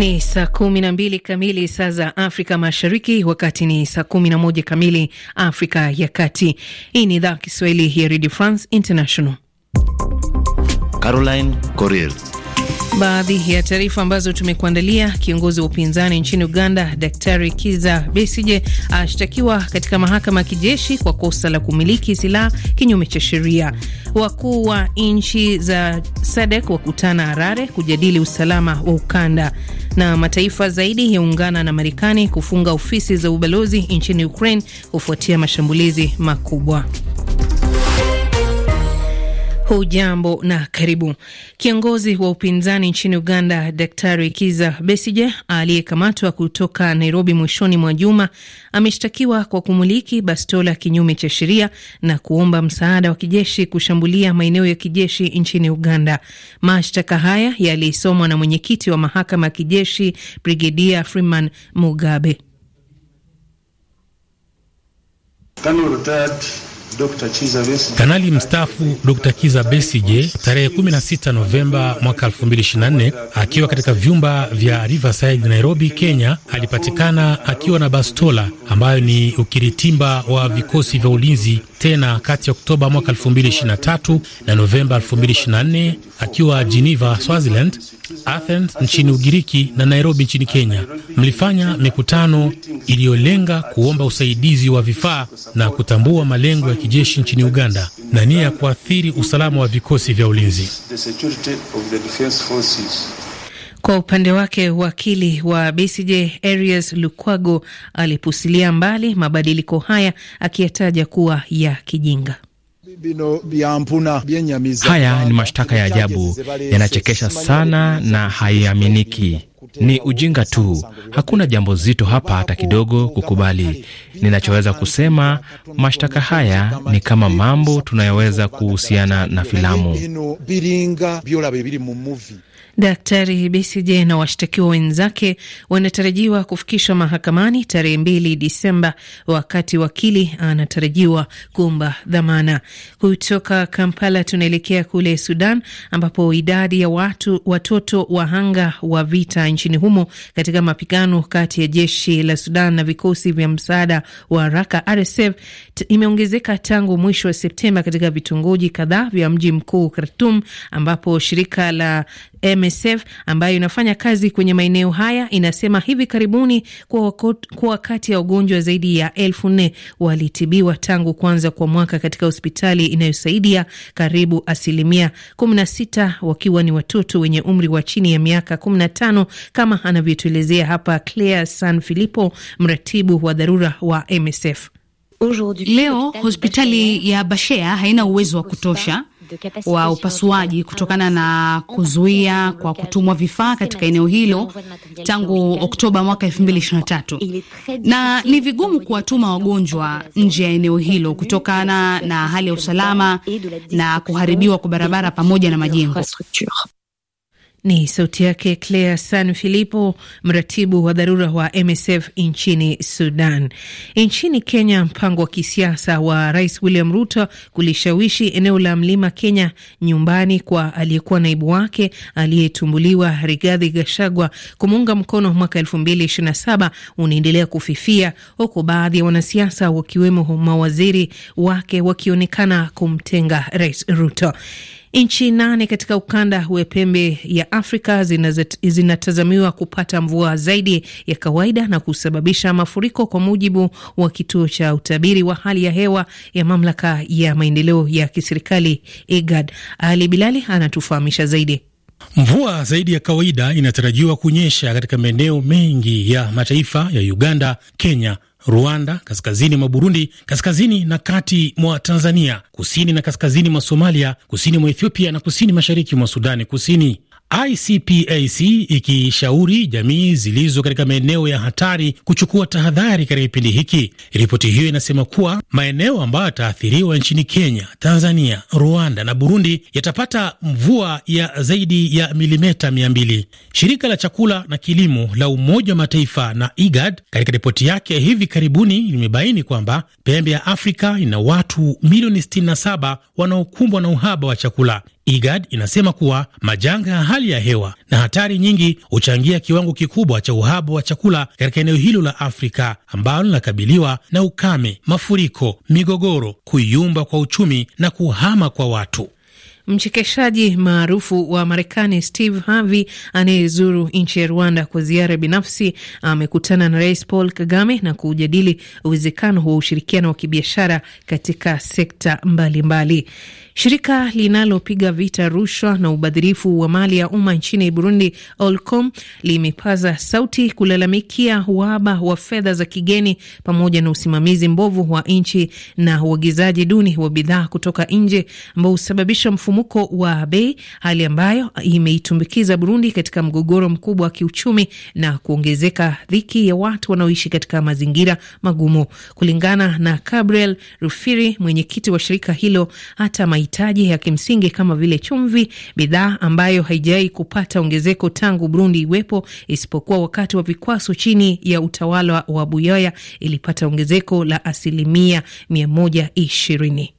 Ni saa kumi na mbili kamili saa za Afrika Mashariki, wakati ni saa kumi na moja kamili Afrika ya Kati. Hii ni idhaa Kiswahili ya Redio France International. Caroline Corrier Baadhi ya taarifa ambazo tumekuandalia: kiongozi wa upinzani nchini Uganda Daktari Kiza Besije ashtakiwa katika mahakama ya kijeshi kwa kosa la kumiliki silaha kinyume cha sheria. Wakuu wa nchi za SADC wakutana Harare kujadili usalama wa ukanda, na mataifa zaidi yaungana na Marekani kufunga ofisi za ubalozi nchini Ukraine kufuatia mashambulizi makubwa. Hujambo na karibu. Kiongozi wa upinzani nchini Uganda, Daktari Kiza Besije, aliyekamatwa kutoka Nairobi mwishoni mwa juma, ameshtakiwa kwa kumiliki bastola kinyume cha sheria na kuomba msaada wa kijeshi kushambulia maeneo ya kijeshi nchini Uganda. Mashtaka haya yalisomwa na mwenyekiti wa mahakama ya kijeshi, Brigedia Freeman Mugabe. Kanali mstaafu Dr. Kiza Besije tarehe 16 Novemba mwaka 2024 akiwa katika vyumba vya Riverside, Nairobi, Kenya, alipatikana akiwa na bastola ambayo ni ukiritimba wa vikosi vya ulinzi, tena kati ya Oktoba mwaka 2023 na Novemba 2024 akiwa Geneva, Swaziland Athens nchini Ugiriki na Nairobi nchini Kenya. Mlifanya mikutano iliyolenga kuomba usaidizi wa vifaa na kutambua malengo ya kijeshi nchini Uganda na nia ya kuathiri usalama wa vikosi vya ulinzi. Kwa upande wake wakili wa BCJ Arias Lukwago alipusilia mbali mabadiliko haya akiyataja kuwa ya kijinga. Haya ni mashtaka ya ajabu, yanachekesha sana na haiaminiki. Ni ujinga tu, hakuna jambo zito hapa hata kidogo kukubali. Ninachoweza kusema mashtaka haya ni kama mambo tunayoweza kuhusiana na filamu. Daktari Besigye na washtakiwa wenzake wanatarajiwa kufikishwa mahakamani tarehe mbili Disemba, wakati wakili anatarajiwa kuomba dhamana. Kutoka Kampala tunaelekea kule Sudan, ambapo idadi ya watu watoto wahanga wa vita nchini humo katika mapigano kati ya jeshi la Sudan na vikosi vya msaada wa haraka RSF imeongezeka tangu mwisho wa Septemba katika vitongoji kadhaa vya mji mkuu Khartoum, ambapo shirika la MSF ambayo inafanya kazi kwenye maeneo haya inasema hivi karibuni kuwa kati ya wagonjwa zaidi ya elfu nne walitibiwa tangu kwanza kwa mwaka katika hospitali inayosaidia karibu asilimia 16 wakiwa ni watoto wenye umri wa chini ya miaka 15, kama anavyotuelezea hapa Claire San Filippo, mratibu wa dharura wa MSF. Leo hospitali ya Bashea haina uwezo wa kutosha wa upasuaji kutokana na kuzuia kwa kutumwa vifaa katika eneo hilo tangu Oktoba mwaka 2023 na ni vigumu kuwatuma wagonjwa nje ya eneo hilo kutokana na hali ya usalama na kuharibiwa kwa barabara pamoja na majengo. Ni sauti yake Claire San Filipo, mratibu wa dharura wa MSF nchini Sudan. Nchini Kenya, mpango wa kisiasa wa Rais William Ruto kulishawishi eneo la mlima Kenya nyumbani kwa aliyekuwa naibu wake aliyetumbuliwa Rigathi Gachagua kumuunga mkono mwaka 2027 unaendelea kufifia, huku baadhi ya wanasiasa wakiwemo mawaziri wake wakionekana kumtenga Rais Ruto. Nchi nane katika ukanda wa pembe ya Afrika zinatazamiwa kupata mvua zaidi ya kawaida na kusababisha mafuriko, kwa mujibu wa kituo cha utabiri wa hali ya hewa ya mamlaka ya maendeleo ya kiserikali IGAD. E Ali Bilali anatufahamisha zaidi. Mvua zaidi ya kawaida inatarajiwa kunyesha katika maeneo mengi ya mataifa ya Uganda, Kenya Rwanda, kaskazini mwa Burundi, kaskazini na kati mwa Tanzania, kusini na kaskazini mwa Somalia, kusini mwa Ethiopia na kusini mashariki mwa Sudani Kusini. ICPAC ikishauri jamii zilizo katika maeneo ya hatari kuchukua tahadhari katika kipindi hiki. Ripoti hiyo inasema kuwa maeneo ambayo yataathiriwa nchini Kenya, Tanzania, Rwanda na Burundi yatapata mvua ya zaidi ya milimeta mia mbili. Shirika la chakula na kilimo la Umoja wa Mataifa na IGAD katika ripoti yake hivi karibuni limebaini kwamba pembe ya Afrika ina watu milioni 67 wanaokumbwa na uhaba wa chakula. IGAD inasema kuwa majanga ya hali ya hewa na hatari nyingi huchangia kiwango kikubwa cha uhaba wa chakula katika eneo hilo la Afrika ambalo linakabiliwa na ukame, mafuriko, migogoro, kuyumba kwa uchumi na kuhama kwa watu. Mchekeshaji maarufu wa Marekani Steve Harvey anayezuru nchi ya Rwanda kwa ziara binafsi amekutana na Rais Paul Kagame na kujadili uwezekano wa ushirikiano wa kibiashara katika sekta mbalimbali mbali. Shirika linalopiga vita rushwa na ubadhirifu wa mali ya umma nchini Burundi, Olcom, limepaza sauti kulalamikia uhaba wa fedha za kigeni pamoja na usimamizi mbovu wa nchi na uagizaji duni wa bidhaa kutoka nje ambao husababisha mfu mfumuko wa bei, hali ambayo imeitumbukiza Burundi katika mgogoro mkubwa wa kiuchumi na kuongezeka dhiki ya watu wanaoishi katika mazingira magumu. Kulingana na Gabriel Rufiri, mwenyekiti wa shirika hilo, hata mahitaji ya kimsingi kama vile chumvi, bidhaa ambayo haijawahi kupata ongezeko tangu Burundi iwepo, isipokuwa wakati wa vikwaso chini ya utawala wa Buyoya, ilipata ongezeko la asilimia mia moja ishirini.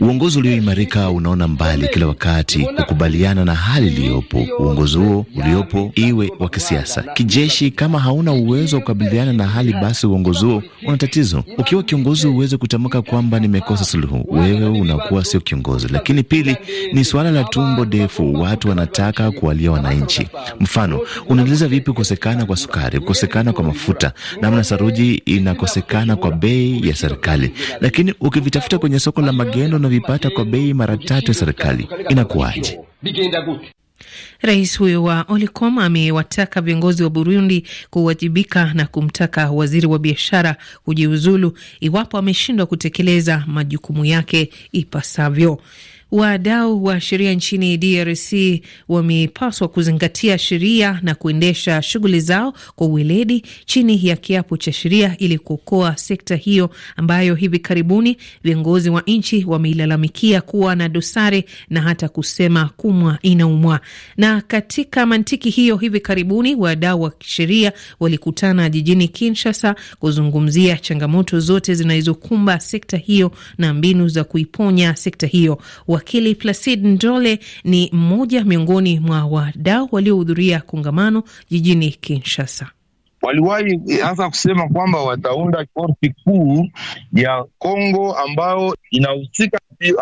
Uongozi ulioimarika unaona mbali kila wakati, kukubaliana na hali iliyopo. Uongozi huo uliopo, iwe wa kisiasa, kijeshi, kama hauna uwezo wa kukabiliana na hali, basi uongozi huo una tatizo. Ukiwa kiongozi huweze kutamka kwamba nimekosa suluhu, wewe unakuwa sio kiongozi. Lakini pili ni suala la tumbo ndefu, watu wanataka kuwalia wananchi. Mfano, unaeleza vipi kukosekana kwa sukari, kukosekana kwa mafuta, namna saruji inakosekana kwa bei ya serikali lakini ukivitafuta kwenye soko la magendo unavipata kwa bei mara tatu ya serikali. Inakuwaje? Rais huyo wa Olicom amewataka viongozi wa Burundi kuwajibika na kumtaka waziri wa biashara kujiuzulu iwapo ameshindwa kutekeleza majukumu yake ipasavyo. Wadau wa sheria nchini DRC wamepaswa kuzingatia sheria na kuendesha shughuli zao kwa uweledi chini ya kiapo cha sheria ili kuokoa sekta hiyo ambayo hivi karibuni viongozi wa nchi wameilalamikia kuwa na dosari na hata kusema kumwa inaumwa. Na katika mantiki hiyo, hivi karibuni wadau wa sheria walikutana jijini Kinshasa kuzungumzia changamoto zote zinazokumba sekta hiyo na mbinu za kuiponya sekta hiyo Wakili Placid Ndole ni mmoja miongoni mwa wadau waliohudhuria kongamano jijini Kinshasa waliwahi hasa kusema kwamba wataunda korti kuu ya Kongo ambayo inahusika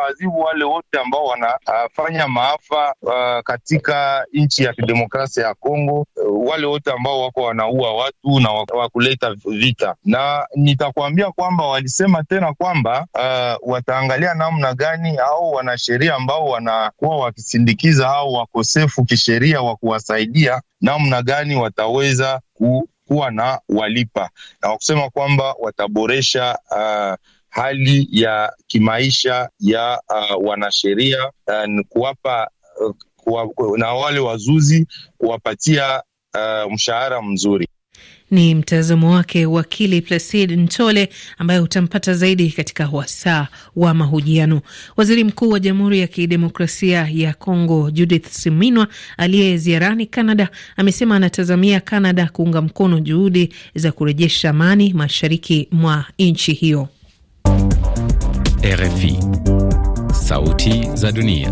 azibu wale wote ambao wanafanya uh, maafa uh, katika nchi ya kidemokrasia ya Kongo, uh, wale wote ambao wako wanaua watu na wakuleta vita. Na nitakuambia kwamba walisema tena kwamba uh, wataangalia namna gani au wanasheria ambao wanakuwa wakisindikiza au wakosefu kisheria wa kuwasaidia namna gani wataweza ku kuwa na walipa na wakusema kwamba wataboresha uh, hali ya kimaisha ya uh, wanasheria uh, kuwapa uh, kuwa, na wale wazuzi kuwapatia uh, mshahara mzuri. Ni mtazamo wake wakili Placid ntole ambaye utampata zaidi katika wasaa wa mahojiano. Waziri Mkuu wa Jamhuri ya Kidemokrasia ya Kongo Judith Suminwa aliye ziarani Canada amesema anatazamia Canada kuunga mkono juhudi za kurejesha amani mashariki mwa nchi hiyo. RFI, Sauti za Dunia.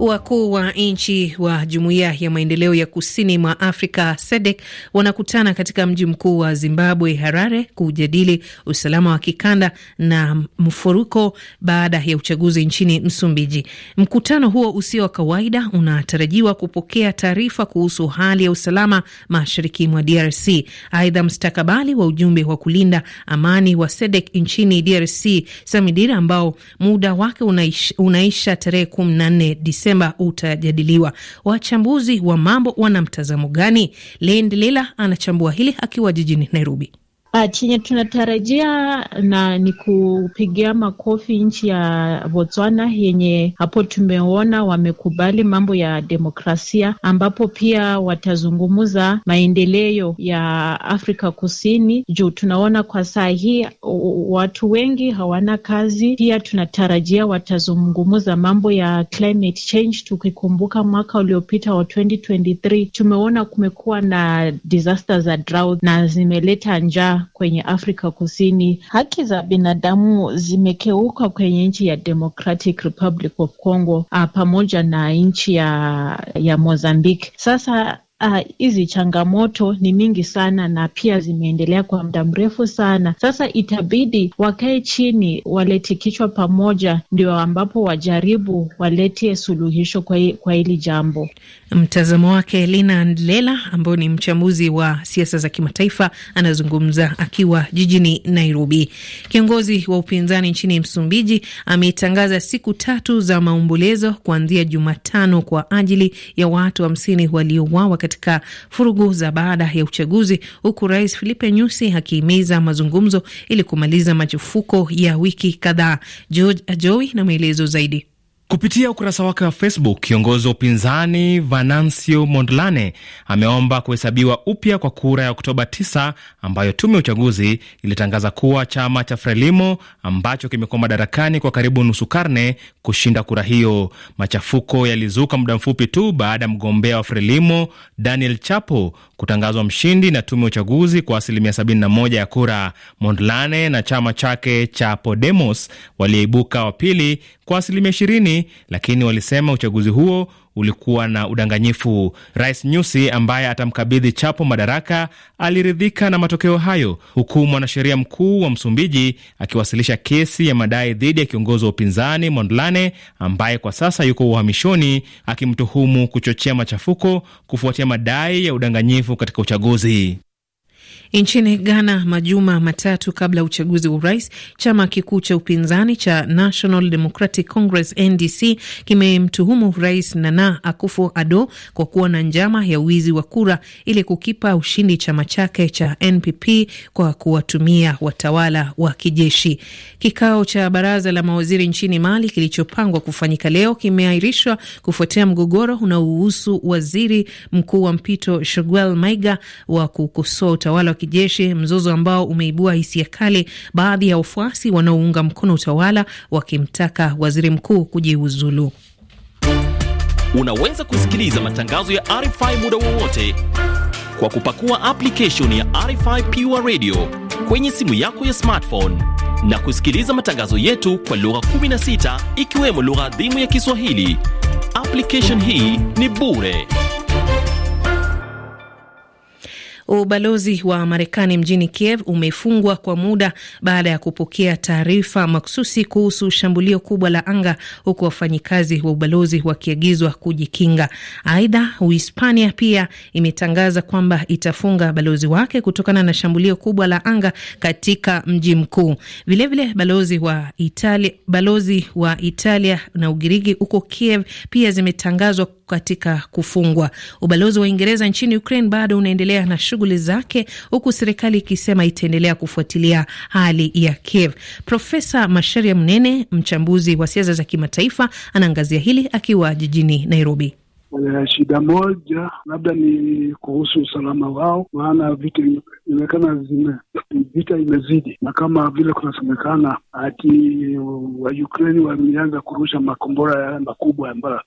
Wakuu wa nchi wa Jumuiya ya Maendeleo ya Kusini mwa Afrika SADC wanakutana katika mji mkuu wa Zimbabwe, Harare, kujadili usalama wa kikanda na mfuruko baada ya uchaguzi nchini Msumbiji. Mkutano huo usio wa kawaida unatarajiwa kupokea taarifa kuhusu hali ya usalama mashariki mwa DRC. Aidha, mstakabali wa ujumbe wa kulinda amani wa SADC nchini DRC, SAMIDIRA, ambao muda wake unaisha, unaisha tarehe 14 Disemba Desemba utajadiliwa. Wachambuzi wa mambo wana mtazamo gani? Lendelela anachambua hili akiwa jijini Nairobi. Ah, chenye tunatarajia na ni kupigia makofi nchi ya Botswana yenye hapo tumeona wamekubali mambo ya demokrasia, ambapo pia watazungumza maendeleo ya Afrika Kusini juu tunaona kwa saa hii watu wengi hawana kazi. Pia tunatarajia watazungumza mambo ya climate change, tukikumbuka mwaka uliopita wa 2023 tumeona kumekuwa na disaster za drought na zimeleta njaa kwenye Afrika Kusini, haki za binadamu zimekeuka kwenye nchi ya Democratic Republic of Congo ah, pamoja na nchi ya, ya Mozambique. Sasa ah, hizi uh, changamoto ni mingi sana na pia zimeendelea kwa muda mrefu sana. Sasa itabidi wakae chini, walete kichwa pamoja, ndio ambapo wajaribu walete suluhisho kwa hili jambo. Mtazamo wake Lina Ndlela, ambaye ni mchambuzi wa siasa za kimataifa, anazungumza akiwa jijini Nairobi. Kiongozi wa upinzani nchini Msumbiji ametangaza siku tatu za maombolezo kuanzia Jumatano kwa ajili ya watu hamsini wa waliouawa katika furugu za baada ya uchaguzi, huku Rais Filipe Nyusi akihimiza mazungumzo ili kumaliza machafuko ya wiki kadhaa. George Ajowi na maelezo zaidi. Kupitia ukurasa wake wa Facebook, kiongozi wa upinzani vanancio Mondlane ameomba kuhesabiwa upya kwa kura ya Oktoba 9 ambayo tume ya uchaguzi ilitangaza kuwa chama cha Frelimo ambacho kimekuwa madarakani kwa karibu nusu karne kushinda kura hiyo. Machafuko yalizuka muda mfupi tu baada ya mgombea wa Frelimo Daniel Chapo kutangazwa mshindi na tume ya uchaguzi kwa asilimia 71 ya kura. Mondlane na chama chake cha Podemos waliibuka wa pili kwa asilimia 20, lakini walisema uchaguzi huo ulikuwa na udanganyifu. Rais Nyusi ambaye atamkabidhi Chapo madaraka aliridhika na matokeo hayo, huku mwanasheria mkuu wa Msumbiji akiwasilisha kesi ya madai dhidi ya kiongozi wa upinzani Mondlane ambaye kwa sasa yuko uhamishoni, akimtuhumu kuchochea machafuko kufuatia madai ya udanganyifu katika uchaguzi. Nchini Ghana, majuma matatu kabla ya uchaguzi wa urais, chama kikuu cha upinzani cha National Democratic Congress NDC kimemtuhumu Rais Nana akufo ado kwa kuwa na njama ya wizi wa kura ili kukipa ushindi chama chake cha NPP kwa kuwatumia watawala wa kijeshi. Kikao cha baraza la mawaziri nchini Mali kilichopangwa kufanyika leo kimeahirishwa kufuatia mgogoro unaohusu waziri mkuu wa mpito Choguel Maiga wa kukosoa utawala kijeshi, mzozo ambao umeibua hisia kali, baadhi ya wafuasi wanaounga mkono utawala wakimtaka waziri mkuu kujiuzulu. Unaweza kusikiliza matangazo ya RFI muda wowote kwa kupakua application ya RFI Pure Radio kwenye simu yako ya smartphone na kusikiliza matangazo yetu kwa lugha 16 ikiwemo lugha adhimu ya Kiswahili. Application hii ni bure. Ubalozi wa Marekani mjini Kiev umefungwa kwa muda baada ya kupokea taarifa maksusi kuhusu shambulio kubwa la anga, huku wafanyikazi wa ubalozi wakiagizwa kujikinga. Aidha, Uhispania pia imetangaza kwamba itafunga balozi wake kutokana na shambulio kubwa la anga katika mji mkuu. Vilevile balozi wa Italia, balozi wa Italia na Ugiriki huko Kiev pia zimetangazwa katika kufungwa. Ubalozi wa Uingereza nchini Ukraine bado unaendelea na shughuli shughuli zake, huku serikali ikisema itaendelea kufuatilia hali ya Kiev. Profesa Masharia Mnene, mchambuzi wa siasa za kimataifa, anaangazia hili akiwa jijini Nairobi. Eh, shida moja labda ni kuhusu usalama wao, maana vita inaonekana zime vita imezidi, na kama vile kunasemekana ati wa Ukraine wameanza kurusha makombora yale makubwa ambayo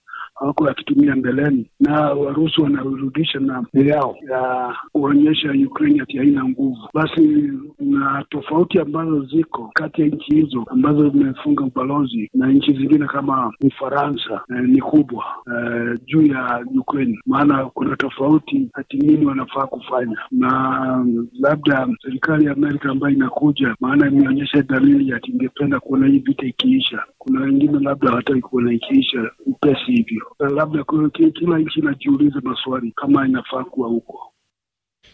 hawakuwa wakitumia mbeleni, na Warusi wanarudisha na yao ya kuonyesha Ukraine ati haina nguvu. Basi na tofauti ambazo ziko kati ya nchi hizo ambazo zimefunga ubalozi na nchi zingine kama Ufaransa eh, ni kubwa eh, juu ya Ukraine, maana kuna tofauti hati nini wanafaa kufanya, na labda serikali ya Amerika ambayo inakuja, maana imeonyesha dalili yati ingependa kuona hii vita ikiisha kuna wengine labda hawataki kuona ikiisha upesi hivyo, labda kila nchi inajiuliza maswali kama inafaa kuwa huko.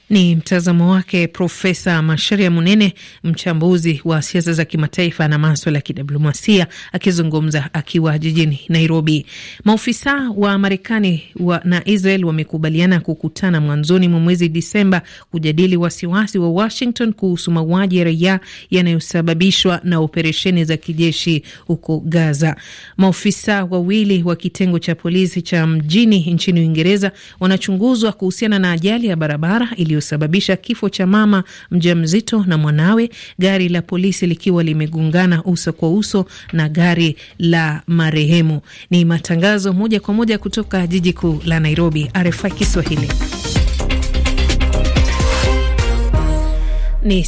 Ni mtazamo wake Profesa Masharia Munene, mchambuzi wa siasa za kimataifa na maswala ya kidiplomasia, akizungumza akiwa jijini Nairobi. Maofisa wa Marekani na Israel wamekubaliana kukutana mwanzoni mwa mwezi Disemba kujadili wasiwasi wa Washington kuhusu mauaji ya raia yanayosababishwa na operesheni za kijeshi huko Gaza. Maofisa wawili wa kitengo cha polisi cha mjini nchini Uingereza wanachunguzwa kuhusiana na ajali ya barabara iliyo iliyosababisha kifo cha mama mjamzito na mwanawe, gari la polisi likiwa limegongana uso kwa uso na gari la marehemu. Ni matangazo moja kwa moja kutoka jiji kuu la Nairobi, RFI Kiswahili. Ni